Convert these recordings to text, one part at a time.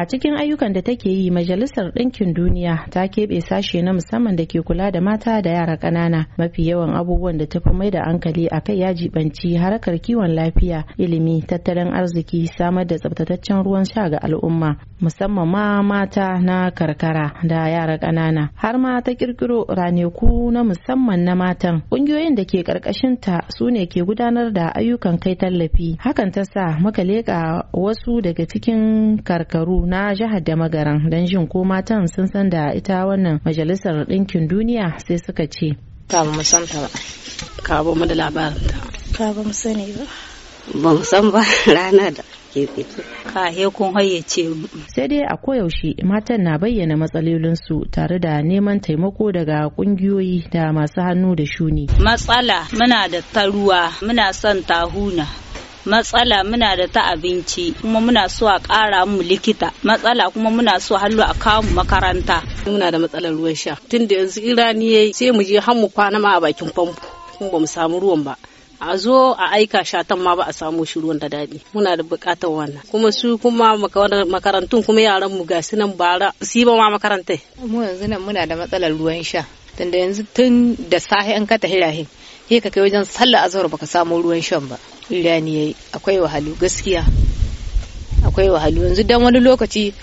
a cikin ayyukan da take yi majalisar ɗinkin duniya ta keɓe sashe na musamman da ke kula da mata da yara ƙanana mafi yawan abubuwan da tafi mai da hankali a kai ya jibanci harkar kiwon lafiya ilimi tattalin arziki samar da tsabtataccen ruwan sha ga al'umma musamman ma mata na karkara da yara ƙanana har ma ta kirkiro raneku na musamman na matan ƙungiyoyin da ke ƙarƙashinta su ne ke gudanar da ayyukan kai tallafi hakan ta sa muka leƙa wasu daga cikin karkaru na jihar da magaran don jin ko matan sun san da ita wannan majalisar ɗinkin duniya sai suka ce ka mu san ta ba ka ba mu da labarin ta ka ba mu sani ba ba mu san ba rana da ka he kun hayyace mu sai dai a koyaushe matan na bayyana matsalolinsu tare da neman taimako daga kungiyoyi da masu hannu da shuni matsala muna da taruwa muna son tahuna matsala muna da ta abinci kuma muna so a ƙara mu likita matsala kuma muna so hallo a kawo mu makaranta muna da matsalar ruwan sha tun da yanzu irani yayi sai mu je har mu kwana ma a bakin famfo kuma bamu samu ruwan ba a zo a aika shatan ma ba a samu shi ruwan da daɗi muna da buƙatar wannan kuma su kuma makarantun kuma yaran mu gasu nan bara su ba ma makarantai mu yanzu nan muna da matsalar ruwan sha tunda yanzu tun da sahi an kata hirahin sai ka kai wajen sallar azhar baka samu ruwan shan ba rani yayi akwai wahalu gaskiya akwai wahalu yanzu dan wani lokaci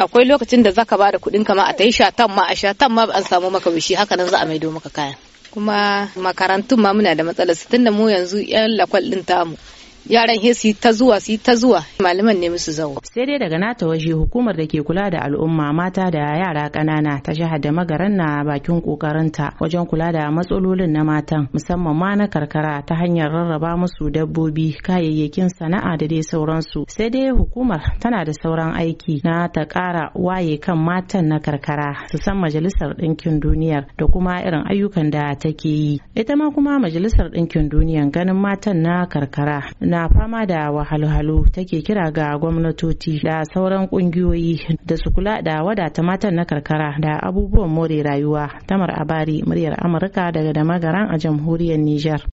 akwai lokacin da zaka bada kuɗin kama a tayi shatan ma a shatan ma an samu maka bishi haka nan za a maido maka kayan kuma makarantun ma muna da matsalar su tunda mu yanzu yan lakwal din tamu yaran he su ta zuwa su ta zuwa malaman ne musu zawo sai dai daga nata waje hukumar da ke kula da al'umma mata da yara ƙanana ta jihar da magaran na bakin kokarinta wajen kula da matsalolin na matan musamman ma na karkara ta hanyar rarraba musu dabbobi kayayyakin sana'a da dai sauransu sai dai hukumar tana da sauran aiki na ta kara waye kan matan na karkara su san majalisar ɗinkin duniyar da kuma irin ayyukan da take yi ita ma kuma majalisar ɗinkin duniyar ganin matan na karkara na fama da wahalhalu take kira ga gwamnatoci da sauran kungiyoyi da su kula da wadata matan na karkara da abubuwan more rayuwa tamar abari muryar amurka daga damagaran a jamhuriyar niger